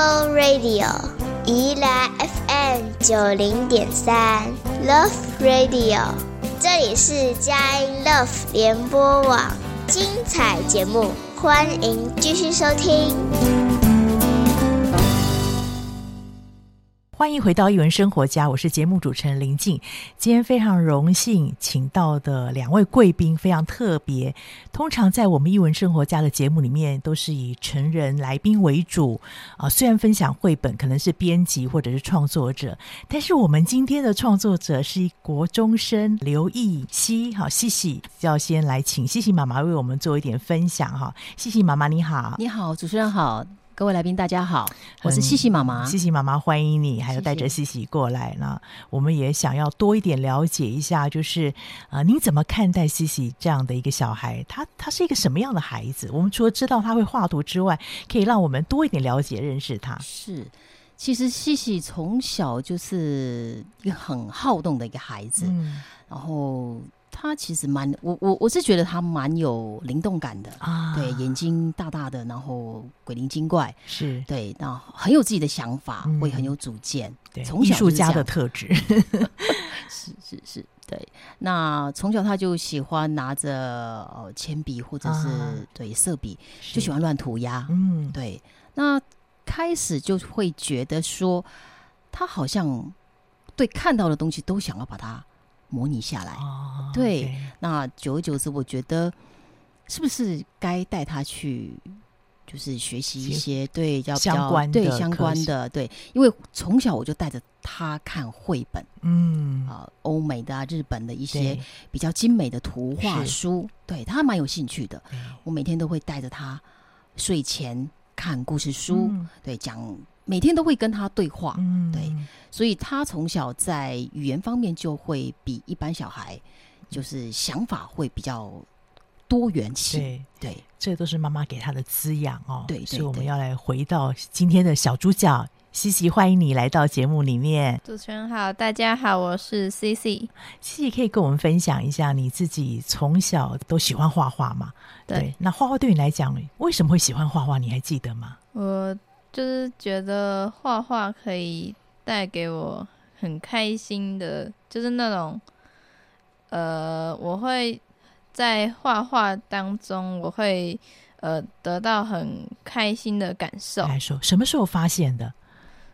Love Radio 宜蘭 FM 九零點三，Love Radio，這裡是佳音 Love 聯播網，精彩節目，歡迎繼續收聽。歡迎回到《藝文生活家》，我是節目主持人林靜。今天非常榮幸請到的兩位貴賓非常特別。通常在我們《藝文生活家》的節目裡面，都是以成人來賓為主啊。雖然分享繪本可能是編輯或者是創作者，但是我們今天的創作者是國中生劉奕希。好、啊，希希要先來請希希媽媽為我們做一點分享哈、啊。希希媽媽你好，你好，主持人好。各位來賓，大家好，我是希希媽媽。嗯、希希媽媽，歡迎你，還有帶着希希過來呢。希希我們也想要多一點了解一下，就是啊，你、呃、怎麼看待希希這樣的一個小孩？他他是一個什麼樣的孩子？我們除了知道他會畫圖之外，可以讓我們多一點了解認識他。是，其實希希從小就是一個很好動的一個孩子，嗯、然後。他其實蠻我我我是覺得他蠻有靈動感的啊，對，眼睛大大的，然後鬼靈精怪，是對，那很有自己的想法，嗯、我也很有主見，對，藝術家的特質， 是是是對。那從小他就喜歡拿着哦鉛筆或者是、啊、對色筆，就喜歡亂塗鴉，嗯，對。那開始就會覺得說，他好像對看到的東西都想要把它。模擬下來，啊、對、okay，那久而久之，我覺得是不是該帶他去，就是學習一些對，要相關對相關的，對，相關的對，因為從小我就帶着他看繪本，嗯啊、呃，歐美的、啊、日本的一些比較精美的圖畫書，對，對他蠻有興趣的、嗯。我每天都會帶着他睡前看故事書，嗯、對講。每天都會跟他對話，嗯，對，所以他從小在語言方面就會比一般小孩，就是想法會比較多元些。對，對，這都是媽媽給他的滋養哦。對，對，對，對，所以我們要來回到今天的小主角希希，歡迎你來到節目裡面。主持人好，大家好，我是希希。希希可以跟我們分享一下你自己從小都喜歡畫畫嗎？對，對，那畫畫對你來講為什麼會喜歡畫畫？你還記得嗎？我。就是覺得畫畫可以帶給我很開心的，就是那種，呃，我會在畫畫當中，我會呃得到很開心的感受。感受什麼時候發現的？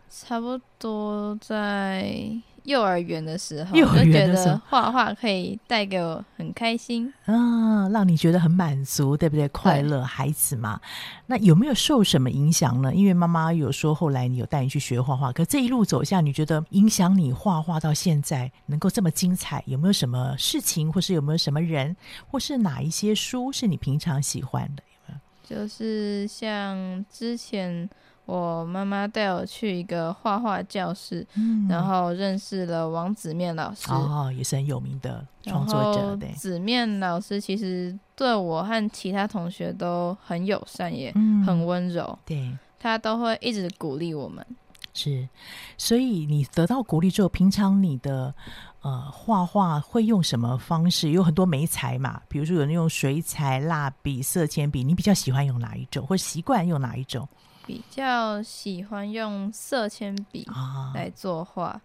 差不多在。幼兒園的時候，幼兒園的時候就覺得畫畫可以帶給我很開心，啊，讓你覺得很滿足，對不對？對。快樂，孩子嘛。那有沒有受什麼影響呢？因為媽媽有說後來你有帶你去學畫畫，可這一路走下，你覺得影響你畫畫到現在能夠這麼精彩，有沒有什麼事情，或是有沒有什麼人，或是哪一些書是你平常喜歡的？有沒有？就是像之前。我媽媽帶我去一個畫畫教室，嗯，然後認識了王子面老師。哦，也是很有名的創作者。對，子面老師其實對我和其他同學都很友善也，也、嗯、很溫柔。對，他都會一直鼓勵我們。是，所以你得到鼓勵之後，平常你的呃畫畫會用什麼方式？有很多媒材嘛，比如說有人用水彩、蠟筆、色鉛筆，你比較喜歡用哪一種，或習慣用哪一種？比較喜歡用色鉛筆來作畫，啊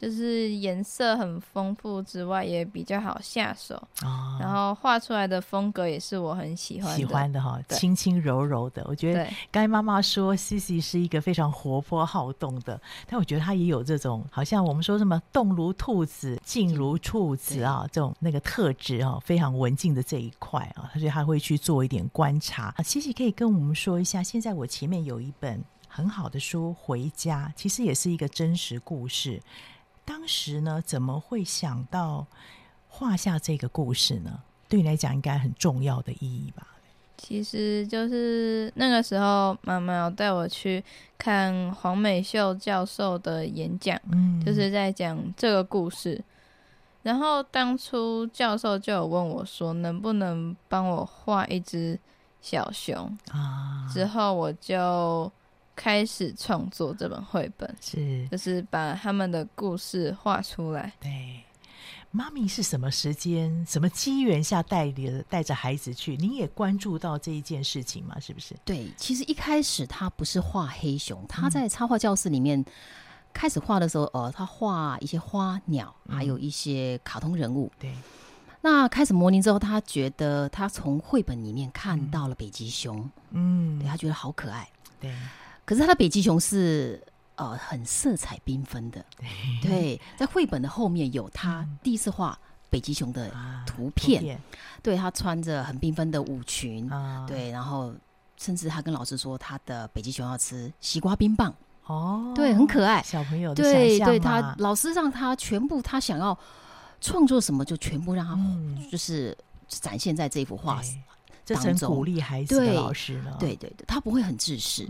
就是顏色很豐富之外，也比較好下手，啊，然後畫出來的風格也是我很喜歡喜歡的哈，哦，輕輕柔柔的。我覺得剛才媽媽說，西西是一個非常活潑好動的，但我覺得她也有這種好像我們說什麼動如兔子，靜如兔子啊，這種那個特質哦，非常文靜的這一塊啊，所以她會去做一點觀察。西西可以跟我們說一下，現在我前面有一本很好的書《回家》，其實也是一個真實故事。當時呢，怎麼會想到畫下這個故事呢？對你來講，應該很重要的意義吧？其實就是那個時候，媽媽帶我去看黃美秀教授的演講，嗯，就是在講這個故事。然後當初教授就有問我，說能不能幫我畫一隻小熊啊？之後我就。開始創作這本繪本是，就是把他們的故事畫出來。對，媽咪是什麼時間、什麼機緣下帶帶着孩子去？您也關注到這一件事情嗎？是不是？對，其實一開始他不是畫黑熊，他在插畫教室裡面、嗯、開始畫的時候，呃，他畫一些花鳥，還有一些卡通人物。對、嗯，那開始模擬之後，他覺得他從繪本裡面看到了北極熊，嗯，對，他覺得好可愛，對。可是他的北極熊是呃很色彩繽紛的對，對，在繪本的後面有他第一次畫北極熊的圖片，嗯啊、圖片對他穿着很繽紛的舞裙、啊，對，然後甚至他跟老師說他的北極熊要吃西瓜冰棒哦，對，很可愛，小朋友的想象嘛，對對，他老師讓他全部，他想要創作什麼就全部讓他就是展現在這幅畫上。嗯對當成鼓勵孩子的老師了，對對的，他不會很自私。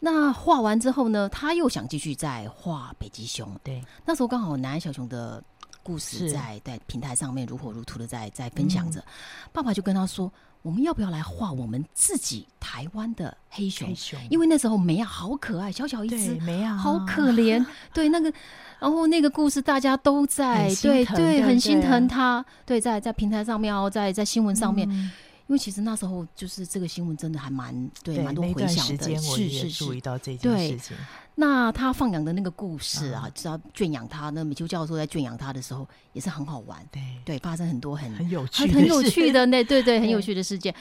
那畫完之後呢，他又想繼續再畫北極熊。對，那時候剛好南安小熊的故事在在平台上面如火如荼的在在分享着。爸爸就跟他說：“我們要不要來畫我們自己台灣的黑熊？因為那時候沒啊，好可愛，小小一隻，沒啊，好可憐。對，啊、 那個，然後那個故事大家都在，對對，對，很心疼他。對，在在平台上面，然後在在新聞上面、嗯。”因為其實那時候就是這個新聞，真的還蠻對，蠻多迴響的。是是是，注意到這件事情。那他放養的那個故事啊，知、啊、道圈養他，那美秀教授在圈養他的時候也是很好玩，對對，發生很多很很有趣、很有趣的，有趣的那對對,對,對，很有趣的事件、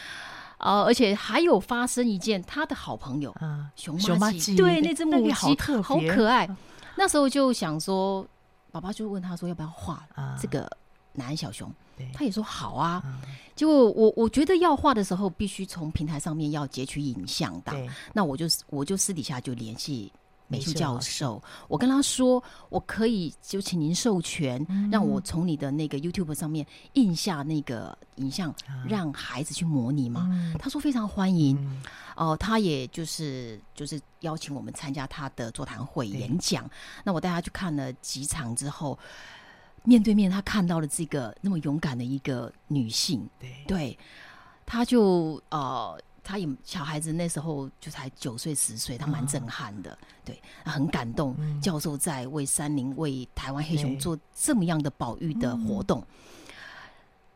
呃。而且還有發生一件他的好朋友、啊、熊麻吉，對那只母雞、欸、好，好可愛。那時候就想說，爸爸就問他說，要不要畫這個？啊男小熊，他也說好啊。結、嗯、果我我覺得要畫的時候，必須從平台上面要截取影像的。那我就我就私底下就聯繫美秀教授，我跟他說、嗯，我可以就請您授權，嗯、讓我從你的那個 YouTube 上面印下那個影像，讓孩子去模擬嘛、嗯。他說非常歡迎。哦、嗯呃，他也就是就是邀請我們參加他的座談會演講。那我帶他去看了幾場之後。面對面，他看到了這個那麼勇敢的一個女性，對，他就呃，他也小孩子那時候就才九歲十歲，他蠻震撼的、啊，對，很感動、嗯。教授在為山林、為台灣黑熊做這麼樣的保育的活動。嗯嗯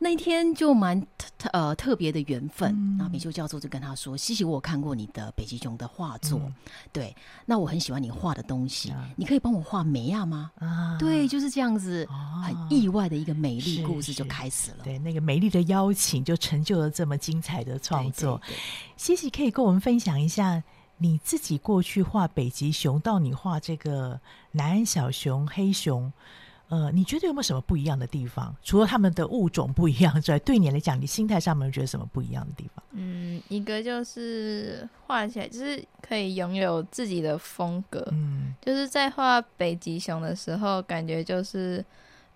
那一天就蠻特呃特別的緣分，那、嗯、美秀教授就跟他說：“西西，我有看過你的北極熊的畫作、嗯，對，那我很喜歡你畫的東西，嗯，你可以幫我畫梅亞嗎？”啊，對，就是這樣子，很意外的一個美麗故事，就開始了。哦，是是對，那個美麗的邀請就成就了這麼精彩的創作。對對對。西西可以跟我們分享一下你自己過去畫北極熊，到你畫這個南安小熊黑熊。呃，你覺得有沒有什麼不一樣的地方？除了他們的物種不一樣之外，對你來講，你心態上面有沒有覺得什麼不一樣的地方？嗯，一個就是畫起來就是可以擁有自己的風格。嗯，就是在畫北極熊的時候，感覺就是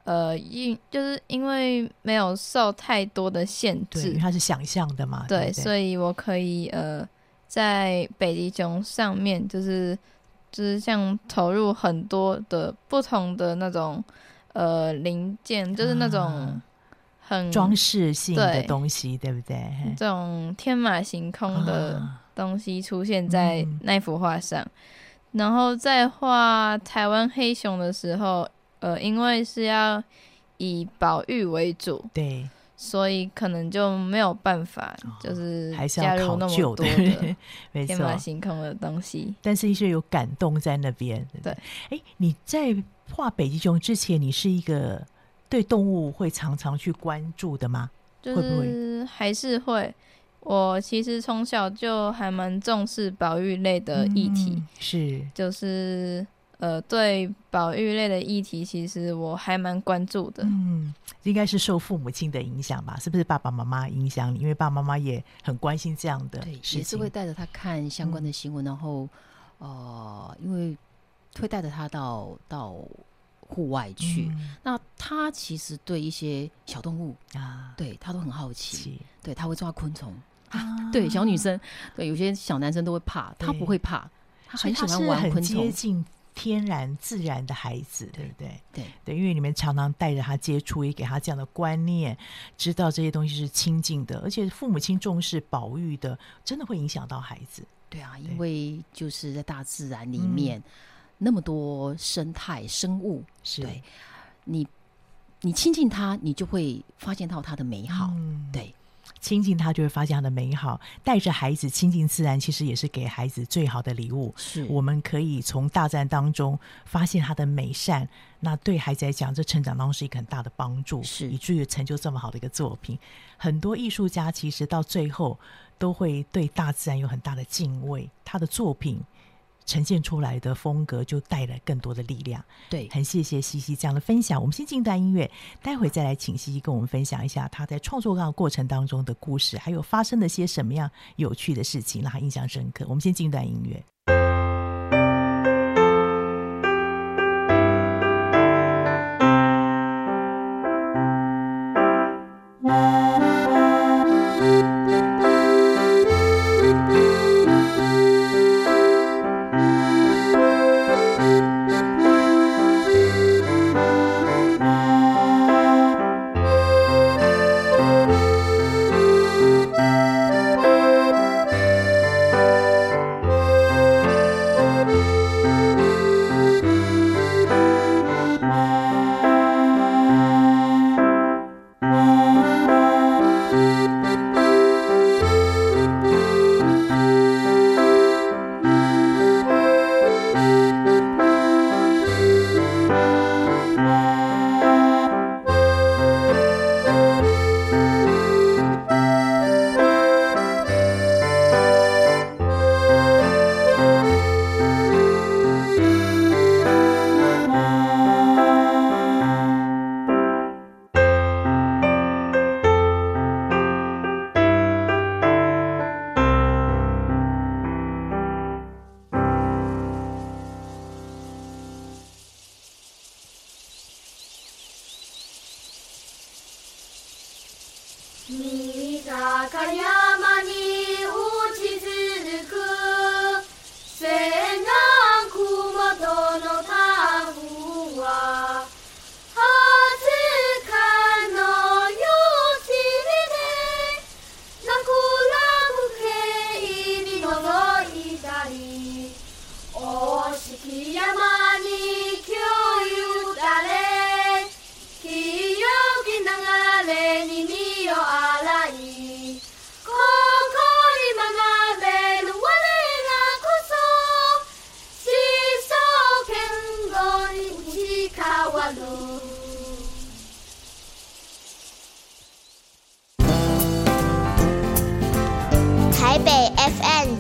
呃，因就是因為沒有受太多的限制，因為它是想象的嘛。對，對，對，所以我可以呃，在北極熊上面就是就是像投入很多的不同的那種。呃，零件就是那種很裝飾、啊、性的東西對，對不對？這種天馬行空的東西出現在那幅畫上、啊嗯。然後在畫台灣黑熊的時候，呃，因為是要以保育為主，對，所以可能就沒有辦法，就是加入那麼多的天馬行空的東西。哦、是 沒錯，但是一些有感動在那邊，對。欸、你在。畫北極熊之前，你是一個對動物會常常去關注的嗎？就是還是會，會不會？我其實從小就還蠻重視保育類的議題，嗯、是就是呃，對保育類的議題，其實我還蠻關注的。嗯，應該是受父母親的影響吧？是不是爸爸媽媽影響你？因為爸爸媽媽也很關心這樣的事情，對，也是會帶着他看相關的新聞、嗯，然後呃，因為。會帶着他到到戶外去，嗯。那他其實對一些小動物啊，對他都很好奇。對，他會抓昆蟲啊，啊。對，小女生，對有些小男生都會怕，他不會怕，他很喜歡玩昆蟲。他很接近天然自然的孩子，對不對？對，對？對對，因為你們常常帶着他接觸，也給他這樣的觀念，知道這些東西是親近的。而且父母親重視保育的，真的會影響到孩子。對啊對，因為就是在大自然裡面。嗯那麼多生態生物，是你，你親近它，你就會發現到它的美好。嗯，對，親近它就會發現它的美好。帶着孩子親近自然，其實也是給孩子最好的禮物。是我們可以從大自然當中發現它的美善。那對孩子來講，這成長當中是一個很大的幫助，是以至於成就這麼好的一個作品。很多藝術家其實到最後都會對大自然有很大的敬畏，他的作品。呈現出來的風格就帶來更多的力量，對，很謝謝希希這樣的分享。我們先進一段音樂，待會再來請希希跟我們分享一下她在創作過程當中的故事，還有發生了些什麼樣有趣的事情，讓她印象深刻。我們先進一段音樂。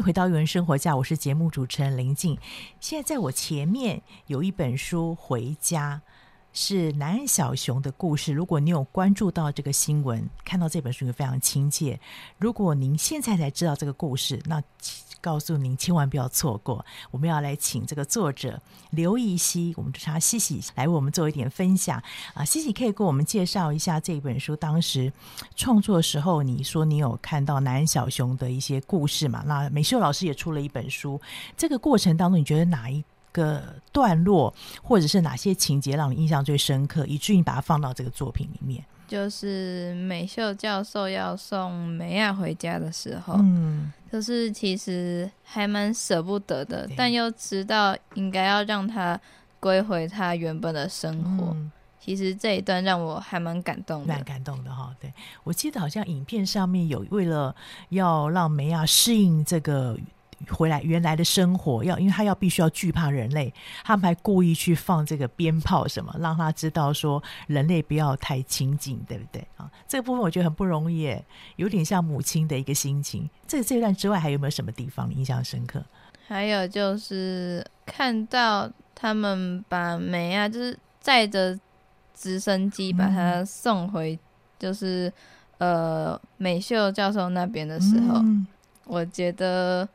回到《藝文生活家》，我是節目主持人林靜。現在在我前面有一本書，《回家》，是南安小熊的故事。如果你有關注到這個新聞，看到這本書會非常親切。如果您現在才知道這個故事，那……告訴您，千萬不要錯過。我們要來請這個作者劉奕希，我們就請希希來為我們做一點分享啊。希希可以給我們介紹一下這本書當時創作的時候，你說你有看到南小熊的一些故事嘛？那美秀老師也出了一本書，這個過程當中，你覺得哪一個段落或者是哪些情節讓你印象最深刻，以至於你把它放到這個作品裡面？就是美秀教授要送妹仔回家的時候，嗯，就是其實還蠻捨不得的，但又知道應該要讓她歸回她原本的生活，嗯。其實這一段讓我還蠻感動的，蠻感動的哈、哦。對，我記得好像影片上面有為了要讓妹仔適應這個。回來原來的生活要，要因為他要必須要懼怕人類，他們還故意去放這個鞭炮什麼，讓他知道說人類不要太親近，對不對啊？這個部分我覺得很不容易，有點像母親的一個心情。這這一段之外，還有沒有什麼地方你印象深刻？還有就是看到他們把梅啊，就是載着直升機把他送回，就是、嗯、呃美秀教授那邊的時候，嗯、我覺得。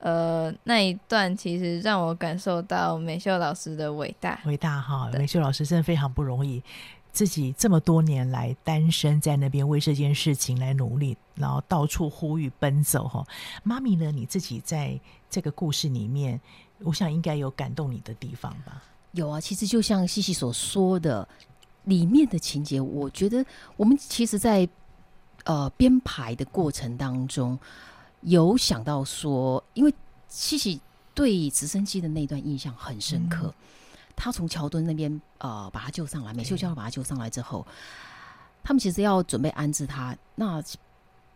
呃，那一段其實讓我感受到美秀老師的偉大，偉大哈！美秀老師真的非常不容易，自己這麼多年來單身在那邊為這件事情來努力，然後到處呼籲奔走哈。媽咪呢，你自己在這個故事裡面，我想應該有感動你的地方吧？有啊，其實就像希希所說的，裡面的情節，我覺得我們其實在，在呃編排的過程當中。有想到說，因為希希對直升機的那段印象很深刻，嗯、他從橋墩那邊呃把他救上來，美秀教授把他救上來之後、嗯，他們其實要準備安置他，那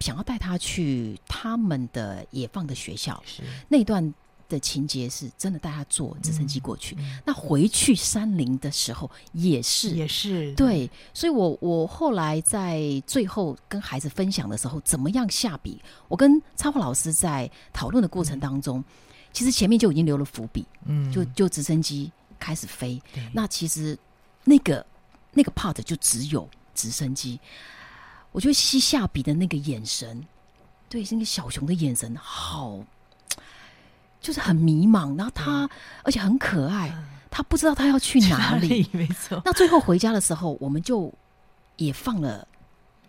想要帶他去他們的野放的學校，是那一段，的情節是真的，帶他坐直升機過去、嗯嗯。那回去山林的時候也是，也是，對，對。所以我我後來在最後跟孩子分享的時候，怎麼樣下筆？我跟插畫老師在討論的過程當中、嗯，其實前面就已經留了伏筆。嗯，就就直升機開始飛。那其實那個那個 part 就只有直升機。我覺得希下筆的那個眼神，對那個小熊的眼神好，就是很迷茫，然後他，而且很可愛、嗯，他不知道他要去哪裡，去哪裡。沒錯、那最後回家的時候，我們就也放了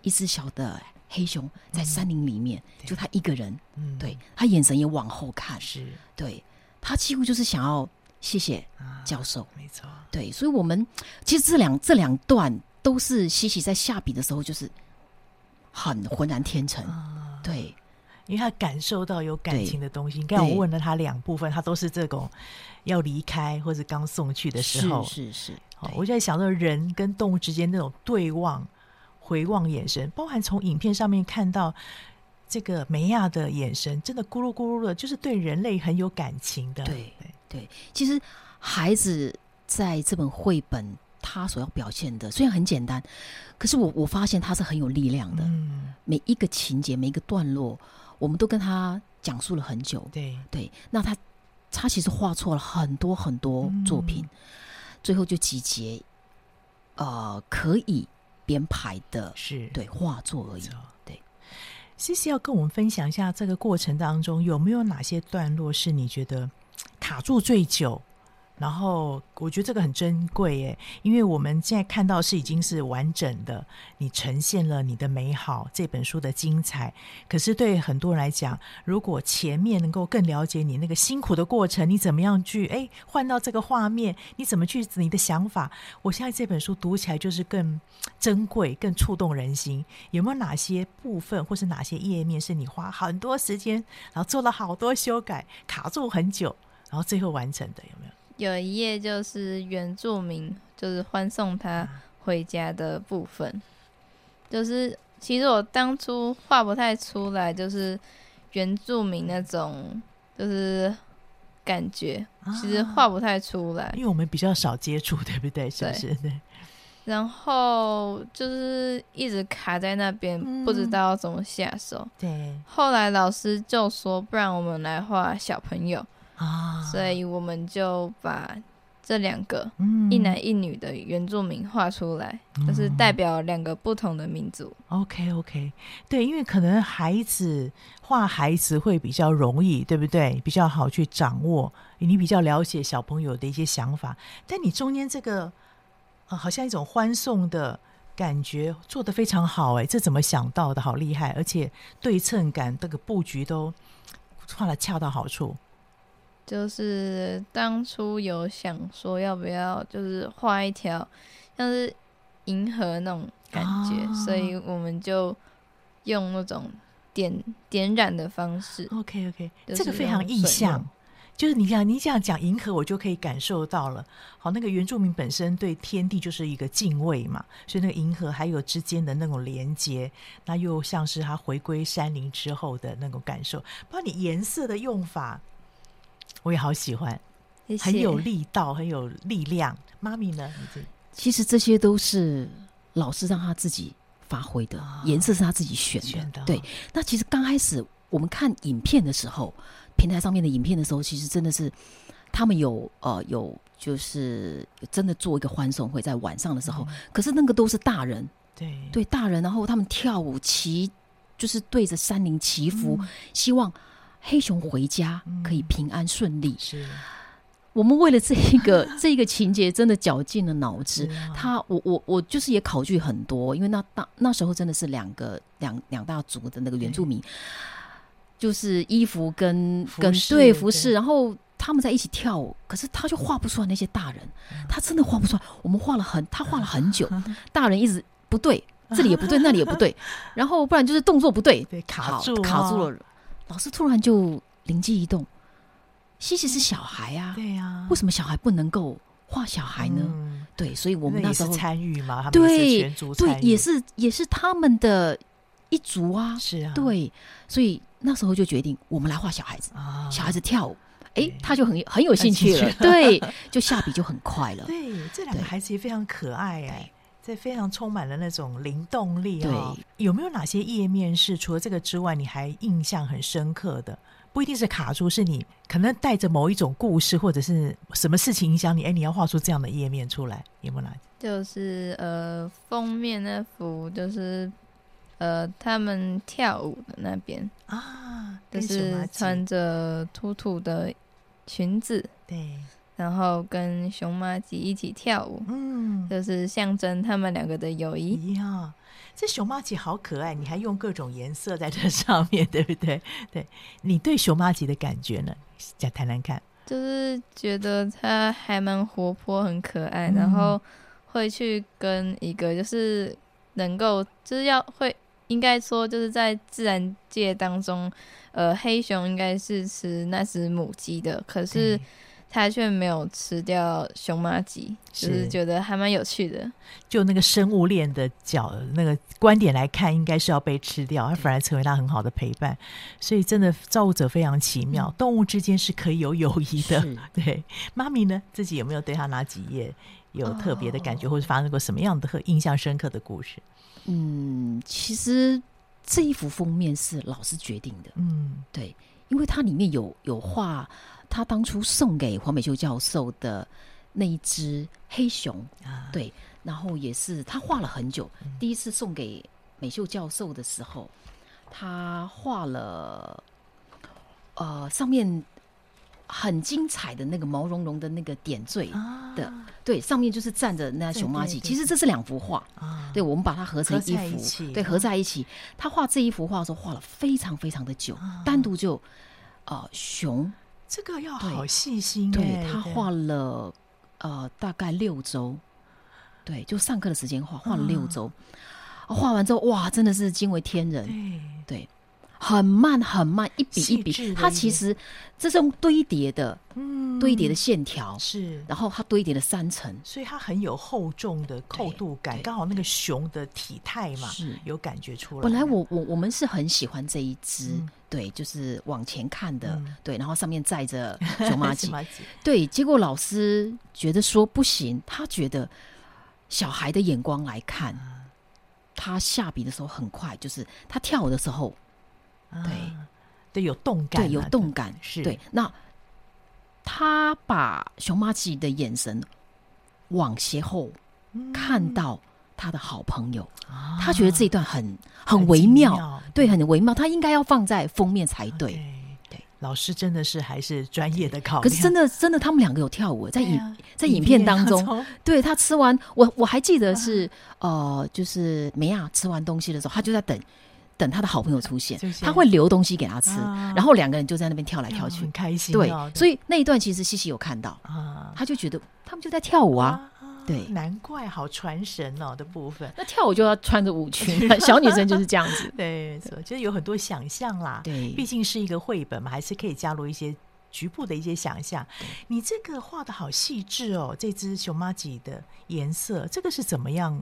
一隻小的黑熊在山林裡面，嗯、就他一個人，對，對、嗯、他眼神也往後看，是對，他幾乎就是想要謝謝教授，嗯、沒錯，對，所以我們其實這兩這兩段都是希希在下筆的時候，就是很渾然天成，嗯、對。因為他感受到有感情的東西，你看，我問了他兩部分，他都是這種要離開或者剛送去的時候，是是是。我就在想說人跟動物之間那種對望、回望眼神，包含從影片上面看到這個妹仔的眼神，真的咕嚕咕嚕的，就是對人類很有感情的。對對，對，其實孩子在這本繪本，他所要表現的雖然很簡單，可是我我發現他是很有力量的。嗯，每一個情節，每一個段落。我們都跟他講述了很久，對對，那他他其實畫錯了很多很多作品，嗯、最後就集結呃，可以編排的是對畫作而已。對，希希要跟我們分享一下這個過程當中有沒有哪些段落是你覺得卡住最久？然後我覺得這個很珍貴誒，因為我們現在看到是已經是完整的，你呈現了你的美好這本書的精彩。可是對很多人來講，如果前面能夠更了解你那個辛苦的過程，你怎麼樣去誒換到這個畫面，你怎麼去你的想法，我相信這本書讀起來就是更珍貴、更觸動人心。有沒有哪些部分或是哪些頁面是你花很多時間，然後做了好多修改、卡住很久，然後最後完成的？有沒有？有一頁就是原住民，就是歡送他回家的部分，就是其實我當初畫不太出來，就是原住民那種就是感覺，其實畫不太出來。啊，因為我們比較少接觸，對不對？是不是？對。然後就是一直卡在那邊，嗯，不知道怎麼下手。對。後來老師就說，不然我們來畫小朋友。啊，所以我們就把這兩個、嗯、一男一女的原住民畫出來、嗯，就是代表兩個不同的民族。OK OK，對，因為可能孩子畫孩子會比較容易，對不對？比較好去掌握，你比較了解小朋友的一些想法。但你中間這個，呃，好像一種歡送的感覺，做的非常好，哎，這怎麼想到的？好厲害，而且對稱感，這個布局都畫的恰到好處。就是當初有想說要不要，就是畫一條像是銀河那種感覺、哦，所以我們就用那種點點染的方式。哦、OK OK，這個非常意象，就是你這樣你這樣講銀河，我就可以感受到了。好，那個原住民本身對天地就是一個敬畏嘛，所以那個銀河還有之間的那種連接，那又像是他回歸山林之後的那種感受。包括你顏色的用法。我也好喜歡，很有力道，很有力量。媽咪呢？其實這些都是老師讓他自己發揮的，哦、顏色是他自己選的，選的。哦。對，那其實剛開始我們看影片的時候，平台上面的影片的時候，其實真的是他們有呃有就是有真的做一個歡送會，在晚上的時候，嗯，可是那個都是大人，對對，大人，然後他們跳舞祈，就是對着山林祈福，嗯、希望，黑熊回家、嗯、可以平安順利。是，我們為了這一個這一個情節，真的絞盡了腦汁。 他，我我我就是也考慮很多，因為那大那時候真的是兩個兩兩大族的那個原住民，就是衣服跟跟，服跟對服飾，然後他們在一起跳舞。可是他就畫不出來那些大人，他真的畫不出來。我們畫了很，他畫了很久， 大人一直不對，這裡也不對， 那裡也不對，然後不然就是動作不對，卡住卡住了。老師突然就靈機一動，希希是小孩啊，嗯、對啊，為什麼小孩不能夠畫小孩呢？嗯、對，所以我們那時候那也是參與嘛，他們全族參與，對，也是也是他們的一族啊，是啊，對，所以那時候就決定我們來畫小孩子，啊、小孩子跳舞，哎，他就很很有興趣了， 對，就下筆就很快了，對，這兩個孩子也非常可愛哎、欸。這非常充滿了那種靈動力啊、喔！有沒有哪些頁面是除了這個之外，你還印象很深刻的？不一定是卡住，是你可能帶着某一種故事或者是什麼事情影響你？哎，你要畫出這樣的頁面出來，有沒有哪？就是呃，封面那幅，就是呃，他們跳舞的那邊啊，就是穿着兔兔的裙子，對。然後跟熊麻吉一起跳舞，嗯，就是象徵他們兩個的友誼。呀、啊，這熊麻吉好可愛！你還用各種顏色在這上面，對不對？對，你對熊麻吉的感覺呢？再談談看。就是覺得它還蠻活潑、很可愛、嗯，然後會去跟一個就是能夠，就是要會應該說就是在自然界當中，呃，黑熊應該是吃那只母雞的，可是。他卻沒有吃掉熊麻吉，就是覺得還蠻有趣的。就那個生物鏈的角那個觀點來看，應該是要被吃掉，而反而成為他很好的陪伴。所以真的，造物者非常奇妙，嗯、動物之間是可以有友誼的。對，媽咪呢，自己有沒有對他哪幾頁有特別的感覺、哦，或是發生過什麼樣的印象深刻的故事？嗯，其實這一幅封面是老師決定的。嗯，對，因為它裡面有有畫。他當初送給黃美秀教授的那一隻黑熊。啊，對，然後也是他畫了很久，嗯。第一次送給美秀教授的時候，他畫了，呃，上面很精彩的那個毛茸茸的那個點綴。啊、對，上面就是站着那熊麻吉。其實這是兩幅畫。啊，對，我們把它合成一幅，合在一起啊。對，合在一起。他畫這一幅畫的時候，畫了非常非常的久，啊、單獨就，呃，熊。這個要好細心、欸、對，對他畫了，呃，大概六周，對，就上課的時間畫畫了六周，啊、畫完之後哇，真的是驚為天人，對。對很慢很慢，一筆一筆，它其實這種堆疊的，嗯，堆疊的線條是，然後它堆疊了三層，所以它很有厚重的厚度感，剛好那個熊的體態嘛，是有感覺出來。本來我我我們是很喜歡這一隻、嗯，對，就是往前看的，嗯、對，然後上面載着熊麻吉， 對，結果老師覺得說不行，他覺得小孩的眼光來看，嗯、他下筆的時候很快，就是他跳舞的時候。啊、對，對，對，對有動感，對有動感是對。是那他把熊麻吉的眼神往斜後看到他的好朋友，嗯、他覺得這一段很、啊、很微妙，妙對，對，很微妙。他應該要放在封面才對。Okay，對，老師真的是還是專業的考量，可是真的，真的，他們兩個有跳舞在影、哎、在影片當中。中對他吃完，我我還記得是、啊、呃，就是梅亞吃完東西的時候，他就在等。等他的好朋友出現，就是他會留東西給他吃、啊，然後兩個人就在那邊跳來跳去，啊哦、很開心、哦對。對，所以那一段其實西西有看到，啊、他就覺得他們就在跳舞啊，啊啊對，難怪好傳神哦的部分。那跳舞就要穿着舞裙， 小女生就是這樣子， 對，所以其實有很多想象啦， 對，畢竟是一個繪本嘛，還是可以加入一些局部的一些想象。你這個畫的好細緻哦，這只熊麻吉的顏色，這個是怎麼樣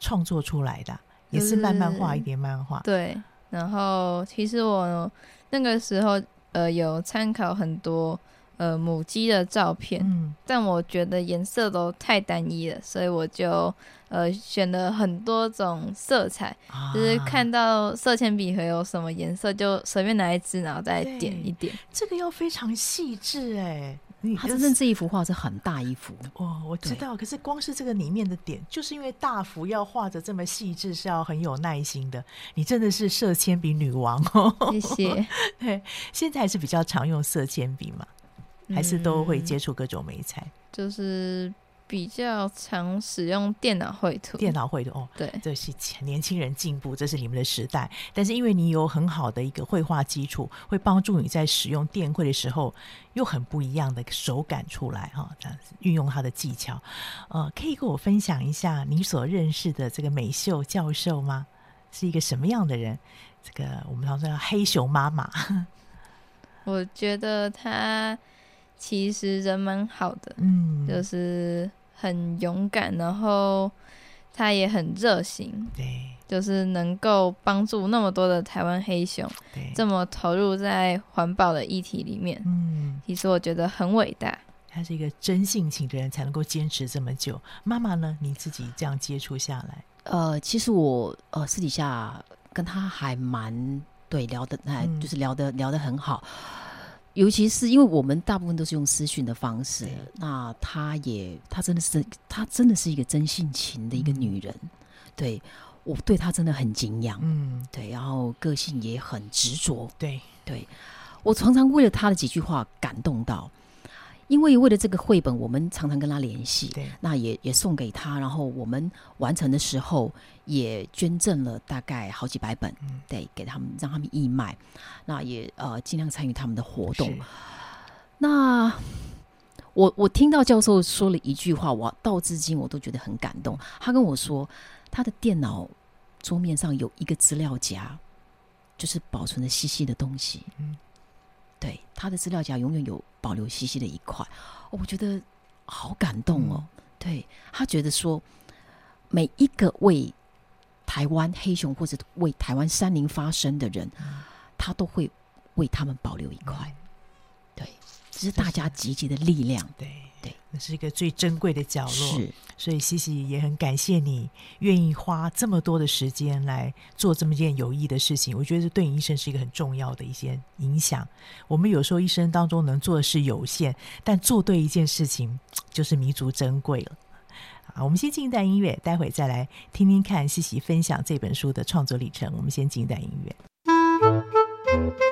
創作出來的？也是慢慢畫、嗯、一點慢畫，對。然後其實我那個時候呃有參考很多呃母雞的照片、嗯，但我覺得顏色都太單一了，所以我就呃選了很多種色彩，嗯、就是看到色鉛筆盒有什麼顏色就隨便拿一支，然後再點一點。這個要非常細致哎！就是、他真正這一幅畫是很大一幅哦，我知道。可是光是這個裡面的點，就是因為大幅要畫得這麼細緻，是要很有耐心的。你真的是色鉛筆女王哦，謝謝。 對，現在還是比較常用色鉛筆嘛，嗯、還是都會接觸各種媒材，就是。比較常使用電腦繪圖，電腦繪圖哦，對，這是年輕人進步，這是你們的時代。但是因為你有很好的一個繪畫基礎，會幫助你在使用電繪的時候又很不一樣的手感出來哈、哦。這樣子運用他的技巧，呃，可以跟我分享一下你所認識的這個美秀教授嗎？是一個什麼樣的人？這個我們常說叫黑熊媽媽。我覺得他。其實人蠻好的，嗯，就是很勇敢，然後他也很熱心，對，就是能夠幫助那麼多的台灣黑熊，對，這麼投入在環保的議題裡面，嗯，其實我覺得很偉大。他是一個真性情的人，才能夠堅持這麼久。媽媽呢，你自己這樣接觸下來，呃，其實我呃私底下跟他還蠻對聊的，還、嗯，就是聊的聊得很好。尤其是因為我們大部分都是用私訊的方式，那她也，她真的是，她真的是一個真性情的一個女人，嗯，對，我對她真的很敬仰，嗯，對，然後個性也很執着，對，對，我常常為了她的幾句話感動到。因為為了這個繪本，我們常常跟他聯繫，那也也送給他，然後我們完成的時候也捐贈了大概好幾百本，嗯、對，給他們讓他們義賣，那也呃盡量參與他們的活動。那我我聽到教授說了一句話，我到至今我都覺得很感動、嗯。他跟我說，他的電腦桌面上有一個資料夾，就是保存的希希的東西。嗯對他的資料夾永遠有保留希希的一塊，我覺得好感動哦。嗯、對他覺得說，每一個為台灣黑熊或者為台灣山林發聲的人、啊，他都會為他們保留一塊。嗯、對，這是大家集結的力量。對對。對是一個最珍貴的角落，是，所以西西也很感謝你願意花這麼多的時間來做這麼件有益的事情，我覺得這對你一生是一個很重要的一些影響。我們有時候一生當中能做的事有限，但做對一件事情就是彌足珍貴了。啊，我們先靜待音樂，待會再來聽聽看西西分享這本書的創作歷程。我們先靜待音樂。嗯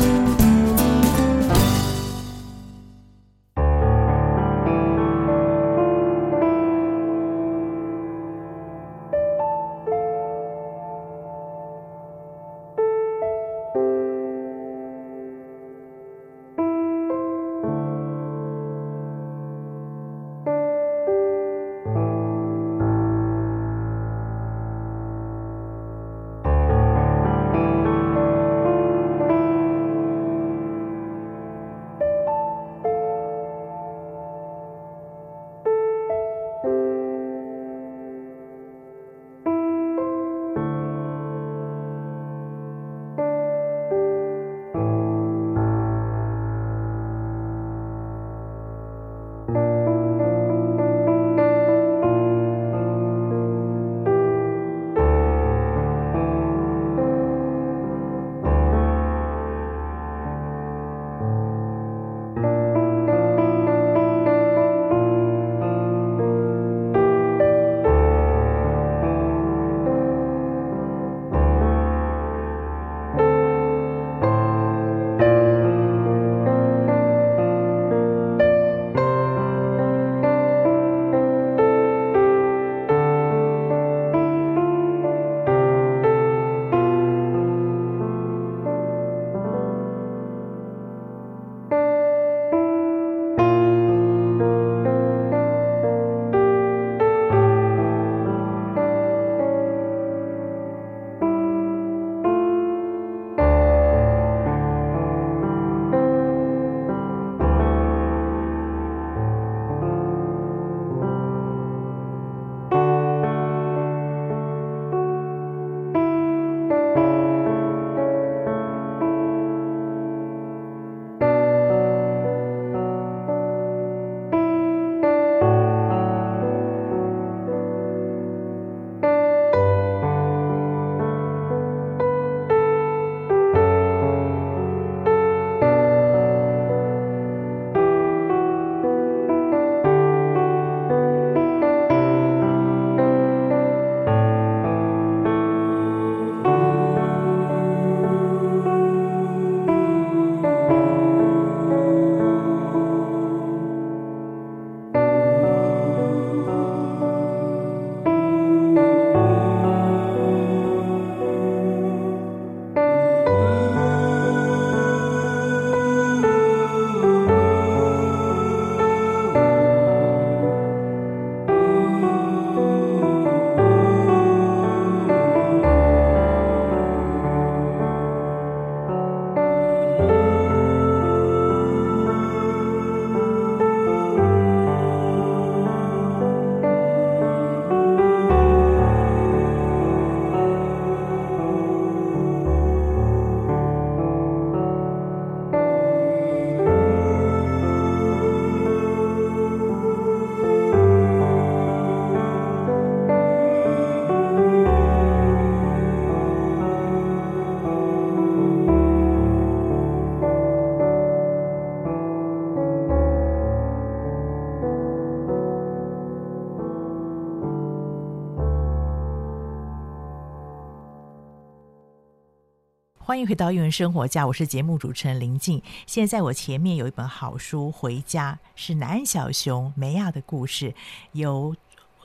歡迎回到《藝文生活家》，我是節目主持人林靜。現在在我前面有一本好書，《回家》是南安小熊妹仔的故事，由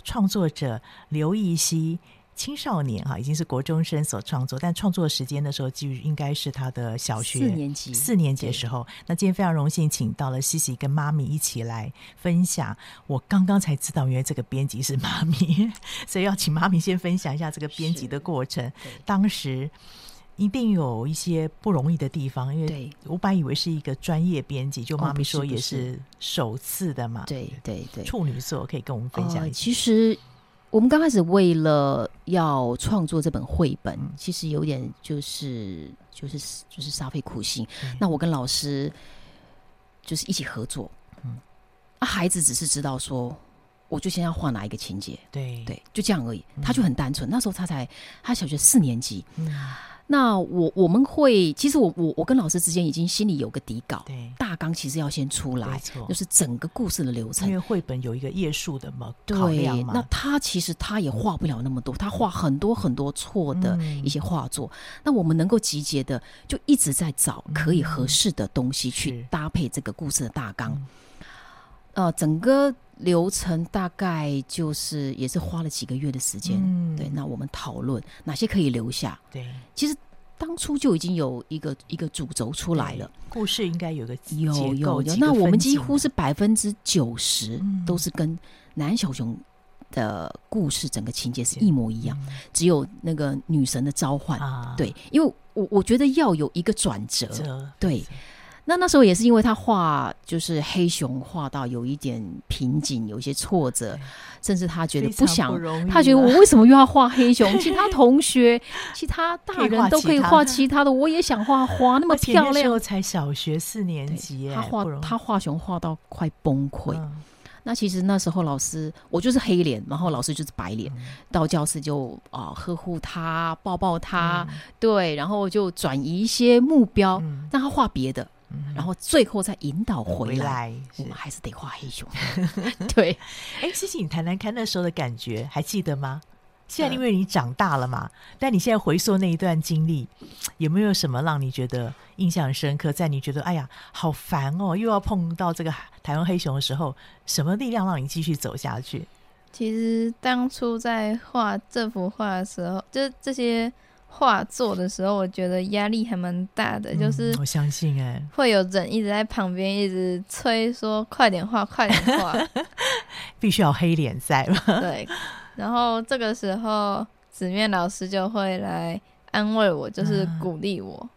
創作者劉奕希，青少年哈，已經是國中生所創作，但創作時間的時候就應該是他的小學四年級，四年級的時候。那今天非常榮幸，請到了希希跟媽咪一起來分享。我剛剛才知道，原來這個編輯是媽咪，嗯、 所以要請媽咪先分享一下這個編輯的過程。當時。一定有一些不容易的地方，因為我本來以為是一個專業編輯，就媽咪說也是首次的嘛，對對對，處女作，可以跟我們分享一下。呃、其實我們剛開始為了要創作這本繪本，嗯，其實有點就是就是就是煞費苦心。那我跟老師就是一起合作，嗯，那、啊、孩子只是知道說，我就先要畫哪一個情節，對對，就這樣而已，嗯，他就很單純，那時候他才他小學四年級。嗯那我我們會，其實我我我跟老師之間已經心裡有個底稿，大綱其實要先出來，就是整個故事的流程。因為繪本有一個頁數的考量嘛，對，那他其實他也畫不了那麼多，他畫很多很多錯的一些畫作。嗯，那我們能夠集結的，就一直在找可以合適的東西去搭配這個故事的大綱。呃，整個流程大概就是也是花了幾個月的時間，嗯，對。那我們討論哪些可以留下？對，其實當初就已經有一個一個主軸出來了，故事應該有個有有，有個。那我們幾乎是百分之九十都是跟南小熊的故事整個情節是一模一樣，只有那個女神的召喚。啊，對，因為我我覺得要有一個轉折，對。那那時候也是因為他畫就是黑熊畫到有一點瓶頸，有一些挫折，甚至他覺得不想不容，他覺得我為什麼又要畫黑熊？ 其他同學、 其他大人都可以畫其他的， 我也想畫花那麼漂亮。那時候才小學四年級，他畫他畫熊畫到快崩潰，嗯。那其實那時候老師我就是黑臉，然後老師就是白臉，嗯，到教室就啊、呃、呵護他，抱抱他，嗯，對，然後就轉移一些目標，嗯，讓他畫別的。然後最後再引導回來，嗯、回來我們還是得畫黑熊。 對，哎、欸，希希。你談談看那時候的感覺，還記得嗎？現在因為你長大了嘛，嗯、但你現在回溯那一段經歷，有沒有什麼讓你覺得印象深刻？在你覺得哎呀，好煩哦，又要碰到這個台灣黑熊的時候，什麼力量讓你繼續走下去？其實當初在畫這幅畫的時候，就這些。畫作的時候，我覺得壓力還蠻大的，嗯、就是我相信哎，會有人一直在旁邊一直催說快點畫， 快點畫話， 必須要黑臉在嘛？對。然後這個時候，子麵老師就會來安慰我，就是鼓勵我，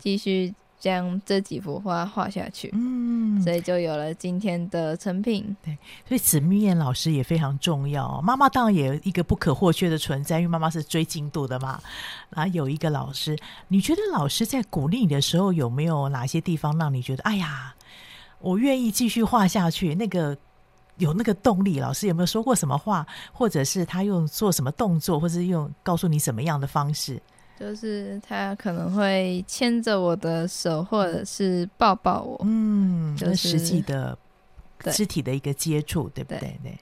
繼續。像這幾幅畫畫下去，嗯，所以就有了今天的成品。對，所以王子麵老師也非常重要。媽媽當然也有一個不可或缺的存在，因為媽媽是追進度的嘛。啊，有一個老師，你覺得老師在鼓勵你的時候，有沒有哪些地方讓你覺得，哎呀，我願意繼續畫下去？那個有那個動力。老師有沒有說過什麼話，或者是他用做什麼動作，或者是用告訴你什麼樣的方式？就是他可能會牽着我的手，或者是抱抱我。嗯，就是實際的肢體的一個接觸，對不對？對對。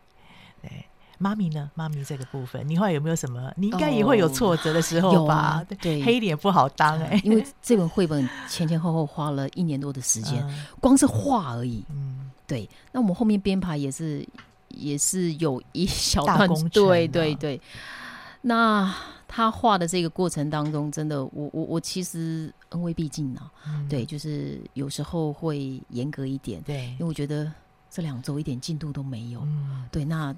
媽咪呢？媽咪這個部分，你後來有沒有什麼？你應該也會有挫折的時候吧？哦對，嗯、對，黑臉不好當。欸嗯，因為這本繪本前前後後花了一年多的時間，嗯、光是畫而已。嗯，對。那我們後面編排也是也是有一小段工作。啊，對對對。那。他畫的這個過程當中，真的，我我我其實恩威並重呢。對，就是有時候會嚴格一點，對，因為我覺得這兩周一點進度都沒有。嗯、對，那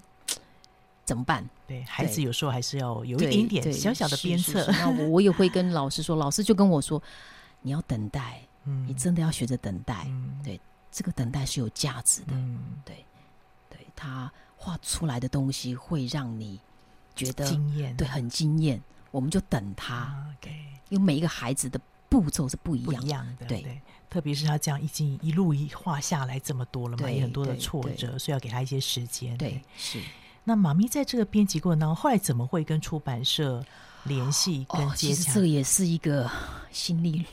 怎麼辦？對,對,對孩子有時候還是要有一點點小小的鞭策。是是是那我我也會跟老師說，老師就跟我說，你要等待，嗯、你真的要學着等待、嗯。對，這個等待是有價值的。嗯、對,對他畫出來的東西會讓你。覺得對很驚艷，我們就等他。給、啊 okay，因為每一個孩子的步驟是不一樣的，不一樣的，對，對，特別是他這樣已經一路一畫下來這麼多了嘛，有很多的挫折，所以要給他一些時間對。對，是。那媽咪在這個編輯過程當中，後來怎麼會跟出版社聯繫跟？哦，其實這個也是一個心理。嗯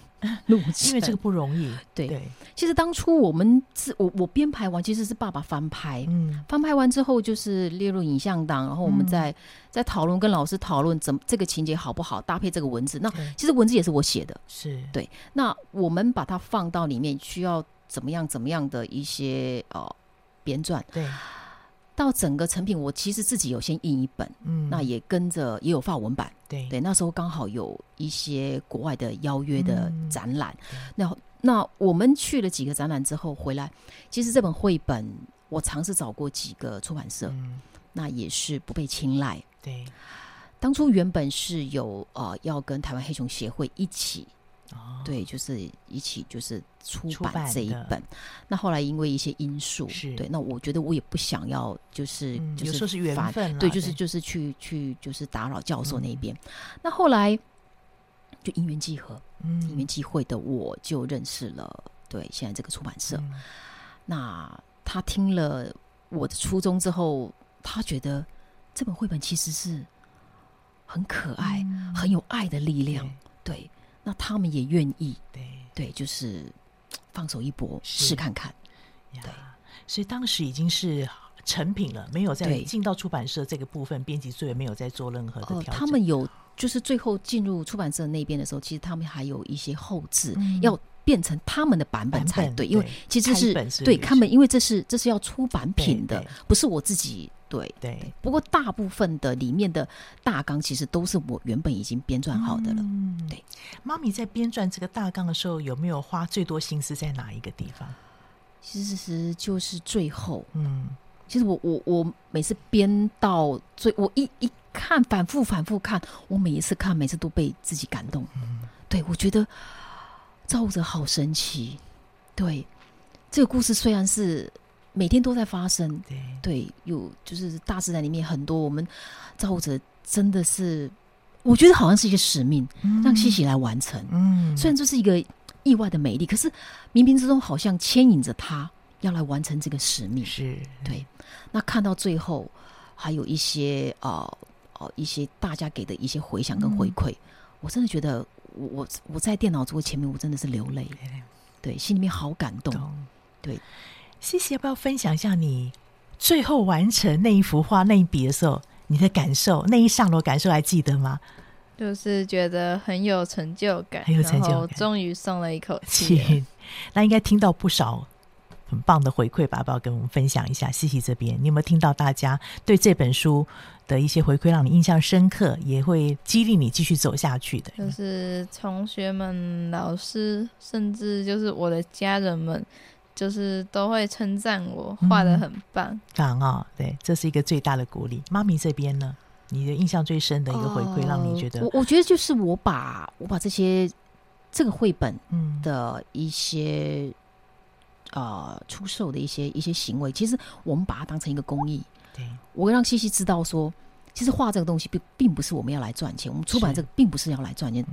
因為這個不容易。對，對對，其實當初我們是我我編排完，其實是爸爸翻拍。嗯，翻拍完之後就是列入影像檔，然後我們再再討論，嗯、跟老師討論怎麼這個情節好不好搭配這個文字。那其實文字也是我寫的，對對，是對。那我們把它放到裡面，需要怎麼樣怎麼樣的一些呃編撰。對。到整個成品，我其實自己有先印一本，嗯、那也跟着也有法文版，對，對。那時候剛好有一些國外的邀約的展覽，嗯、那那我們去了幾個展覽之後回來，其實這本繪本我嘗試找過幾個出版社，嗯、那也是不被青睞。對，對。當初原本是有呃要跟台灣黑熊協會一起。哦、對，就是一起就是出版這一本。那後來因為一些因素，對，那我覺得我也不想要、就是嗯，就是就是說是緣分，對，就是就是去去就是打擾教授那邊、嗯。那後來就因緣際合，嗯，因緣際會的，我就認識了對現在這個出版社、嗯。那他聽了我的初衷之後，他覺得這本繪本其實是很可愛，嗯、很有愛的力量，嗯、對。對那他們也願意，對，對，就是放手一搏，試看看。對，所以當時已經是成品了，沒有在進到出版社這個部分，編輯組也沒有在做任何的調整、呃。他們有，就是最後進入出版社那邊的時候，其實他們還有一些後製、嗯、要變成他們的版本才版本對，對，因為其實是，是對他們，因為這是這是要出版品的，不是我自己。對對，對，不過大部分的裡面的大綱其實都是我原本已經編撰好的了。嗯、對，媽咪在編撰這個大綱的時候，有沒有花最多心思在哪一個地方？其實就是最後，嗯，其實我我我每次編到最，我一一看，反復反復看，我每一次看，每次都被自己感動。嗯，對，我覺得，造物者好神奇。對，這個故事雖然是。每天都在發生，對，對有就是大自然裡面很多我們造物者真的是，我覺得好像是一個使命、嗯，讓希希來完成。嗯，雖然這是一個意外的美麗，可是冥冥之中好像牽引着他要來完成這個使命。是，對。那看到最後，還有一些啊哦、呃呃，一些大家給的一些回響跟回饋、嗯，我真的覺得我我，我在電腦桌前面，我真的是流淚，okay. 對，心裡面好感動，對。希希，要不要分享一下你最後完成那一幅畫那一筆的時候，你的感受？那一上樓感受還記得嗎？就是覺得很有成就感，很有成就感，終於鬆了一口氣。那應該聽到不少很棒的回饋吧？要不要跟我們分享一下希希這邊？你有沒有聽到大家對這本書的一些回饋，讓你印象深刻，也會激勵你繼續走下去的？就是同學們、老師，甚至就是我的家人們。就是都會稱讚我畫得很棒，當然啊！對，這是一個最大的鼓勵。媽咪這邊呢，你的印象最深的一個回饋，讓你覺得、呃、我我覺得就是我把我把這些這個繪本嗯的一些、嗯、呃出售的一些一些行為，其實我們把它當成一個公益。對，我會讓西西知道說，其實畫這個東西並並不是我們要來賺錢，我們出版這個並不是要來賺錢。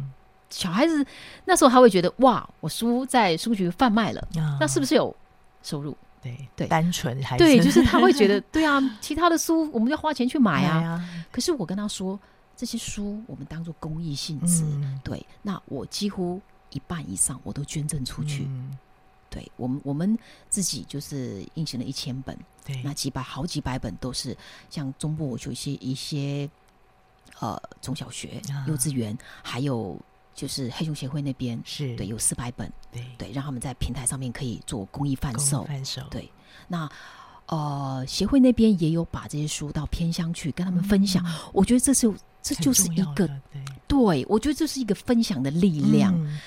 小孩子那時候他會覺得哇，我書在書局販賣了，uh, 那是不是有收入？對對，單純還是對，就是他會覺得 對啊，其他的書我們要花錢去買啊，買啊。可是我跟他說，這些書我們當做公益性質、嗯，對，那我幾乎一半以上我都捐贈出去。嗯、對我們，我們自己就是印行了一千本，對那幾百好幾百本都是像中部有些一些一些呃中小學、uh. 幼稚園，還有。就是黑熊協會那邊是，對有四百本，對對，讓他們在平台上面可以做公益販售。對，那呃，協會那邊也有把這些書到偏鄉去跟他們分享。嗯、我覺得這是這就是一個對，對，我覺得這是一個分享的力量。嗯、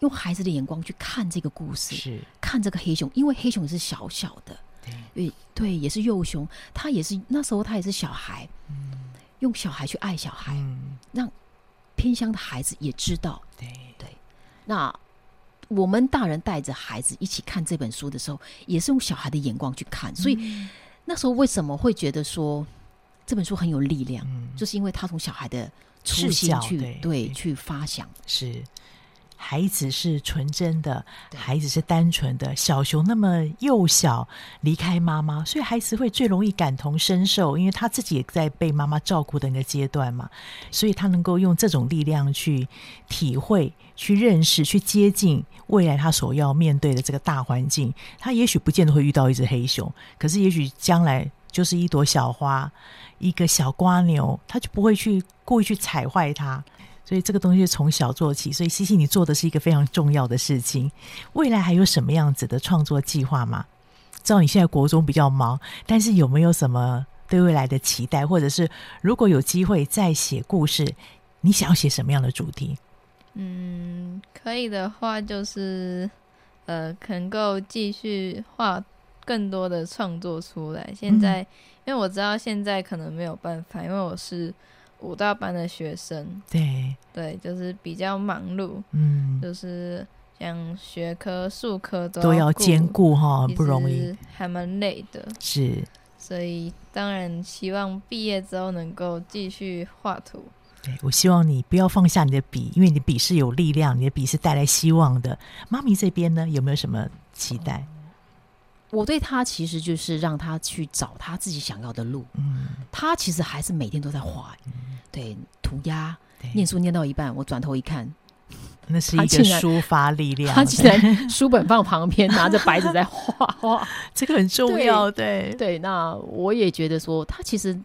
用孩子的眼光去看這個故事是，看這個黑熊，因為黑熊是小小的，對對，也是幼熊，他也是那時候他也是小孩，嗯、用小孩去愛小孩，嗯、讓。偏鄉的孩子也知道，對對。那我們大人帶着孩子一起看這本書的時候，也是用小孩的眼光去看，嗯。所以那時候為什麼會覺得說這本書很有力量，嗯，就是因為他從小孩的初心視角去對，對，對去發想是。孩子是純真的，孩子是單純的。小熊那麼幼小，離開媽媽，所以孩子會最容易感同身受，因為他自己也在被媽媽照顧的那個階段嘛，所以他能夠用這種力量去體會、去認識、去接近未來他所要面對的這個大環境。他也許不見得會遇到一只黑熊，可是也許將來就是一朵小花、一個小蝸牛，他就不會去故意去踩壞它。所以這個東西從小做起，所以希希，你做的是一個非常重要的事情。未來還有什麼樣子的創作計劃嗎？知道你現在國中比較忙，但是有沒有什麼對未來的期待？或者是如果有機會再寫故事，你想要寫什麼樣的主題？嗯，可以的話就是呃，能夠繼續畫更多的創作出來。現在，嗯，因為我知道現在可能沒有辦法，因為我是。五大班的學生，對對，就是比較忙碌，嗯，就是像學科、術科都要，都要兼顧哈，哦，不容易，還蠻累的，是。所以當然希望畢業之後能夠繼續畫圖。對，我希望你不要放下你的筆，因為你的筆是有力量，你的筆是帶來希望的。媽咪這邊呢，有沒有什麼期待？嗯我對他其實就是讓他去找他自己想要的路。嗯、他其實還是每天都在畫。欸嗯，對，塗鴉。念書念到一半，我轉頭一看，那是一個抒發力量。他竟然，他竟然，他竟然書本放旁邊，拿着白紙在畫畫，這個很重要。對對，對，那我也覺得說，他其實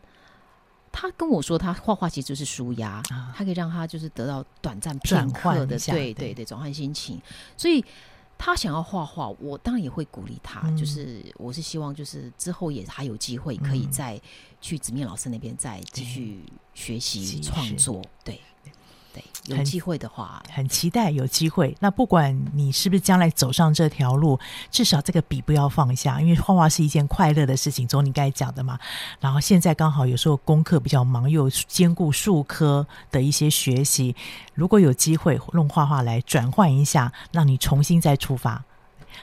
他跟我說，他畫畫其實就是舒壓。啊，他可以讓他就是得到短暫片刻的，對對對，轉換心情。所以。他想要畫畫，我當然也會鼓勵他、嗯。就是，我是希望，就是之後也還有機會可以再去子麵老師那邊、欸，再繼續學習創作，對。對，有機會的話很，很期待有機會。那不管你是不是將來走上這條路，至少這個筆不要放下，因為畫畫是一件快樂的事情，總你剛才講的嘛。然後現在剛好有時候功課比較忙，又兼顧術科的一些學習，如果有機會用畫畫來轉換一下，讓你重新再出發。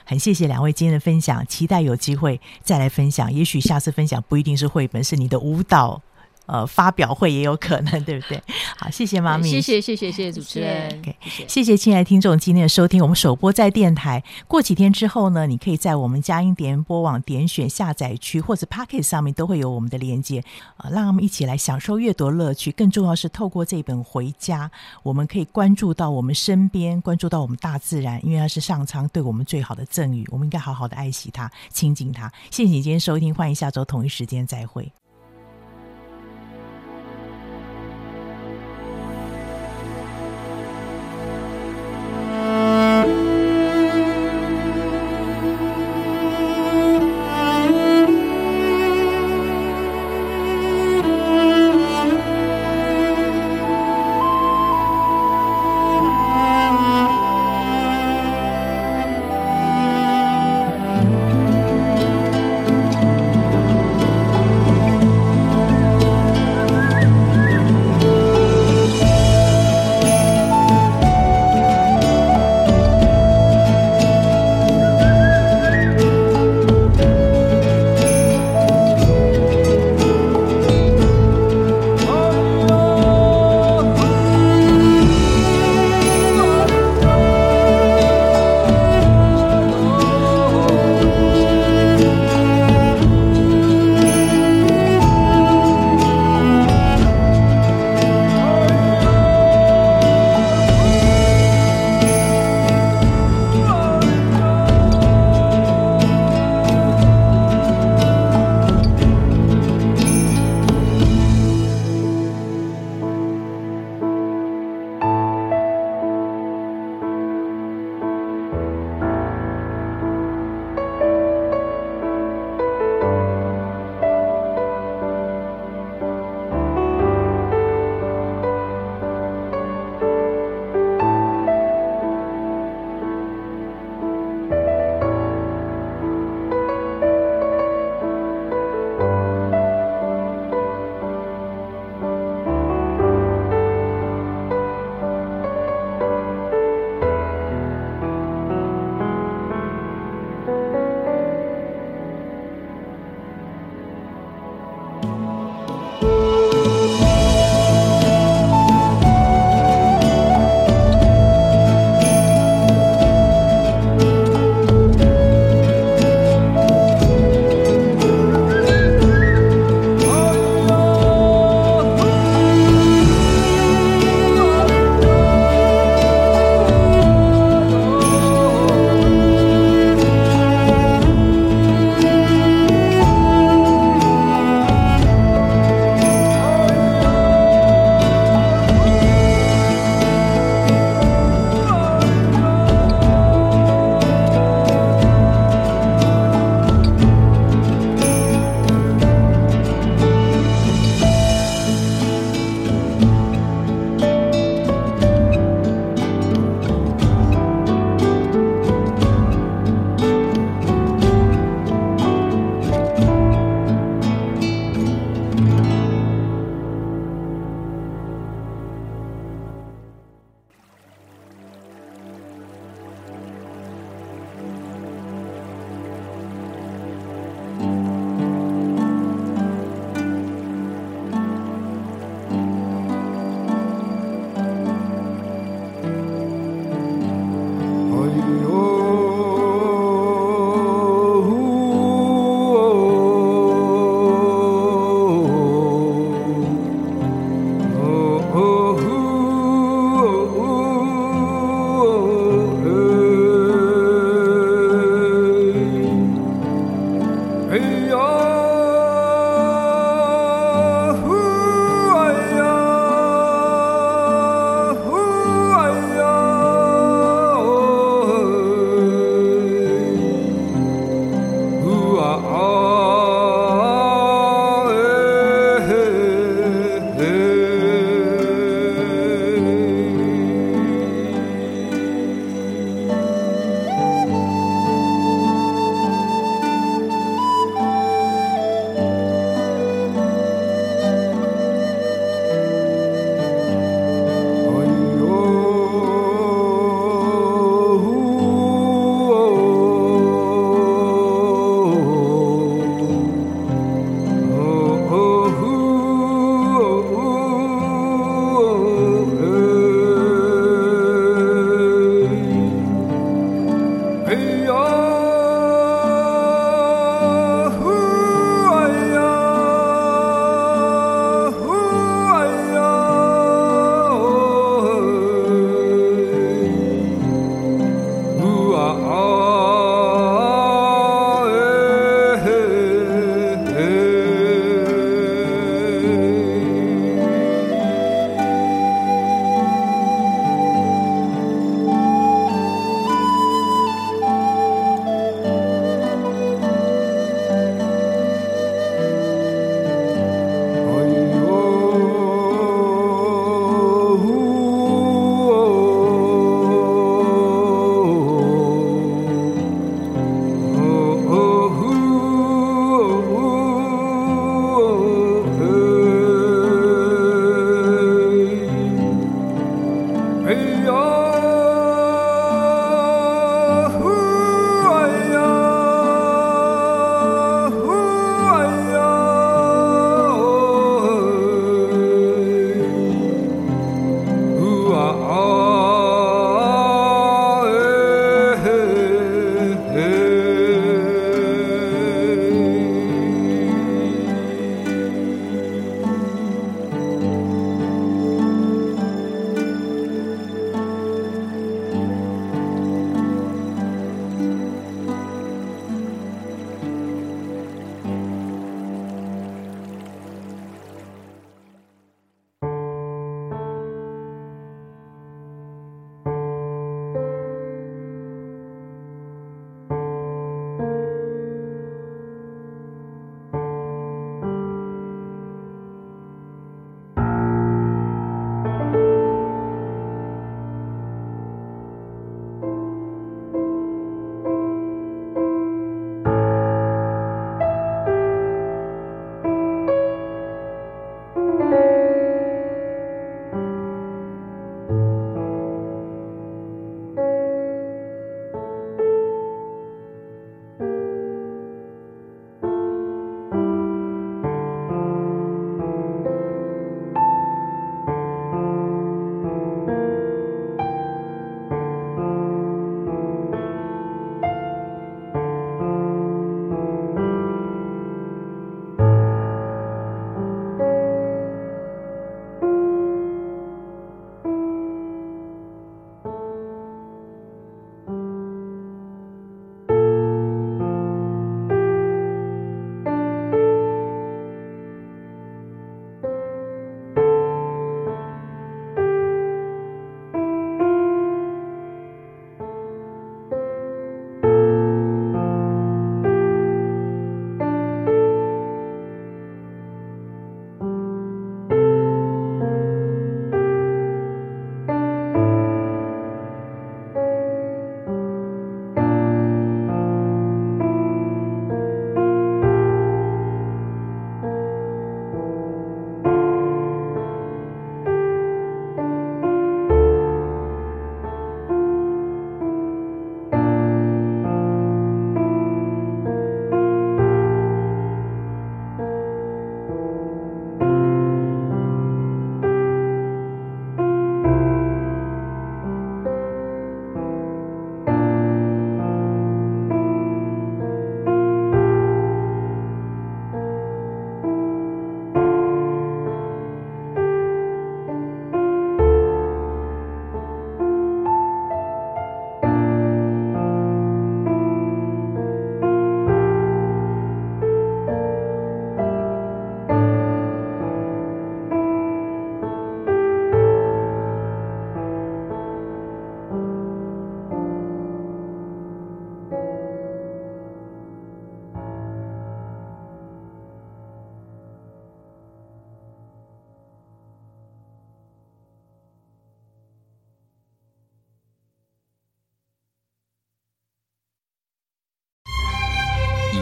很謝謝兩位今天的分享，期待有機會再來分享。也許下次分享不一定是繪本，是你的舞蹈。呃，發表會也有可能，對不對？好，謝謝媽咪，謝謝謝謝謝謝主持人，okay, 謝謝親愛聽眾今天的收聽，我們首播在電台謝謝，過幾天之後呢，你可以在我們佳音點播網點選下載區或者 Pocket 上面都會有我們的連接，呃，讓他們一起來享受閱讀樂趣。更重要是透過這本《回家》，我們可以關注到我們身邊，關注到我們大自然，因為它是上蒼對我們最好的贈予。我們應該好好的愛惜它，親近它。謝謝你今天收聽，歡迎下周同一時間再會。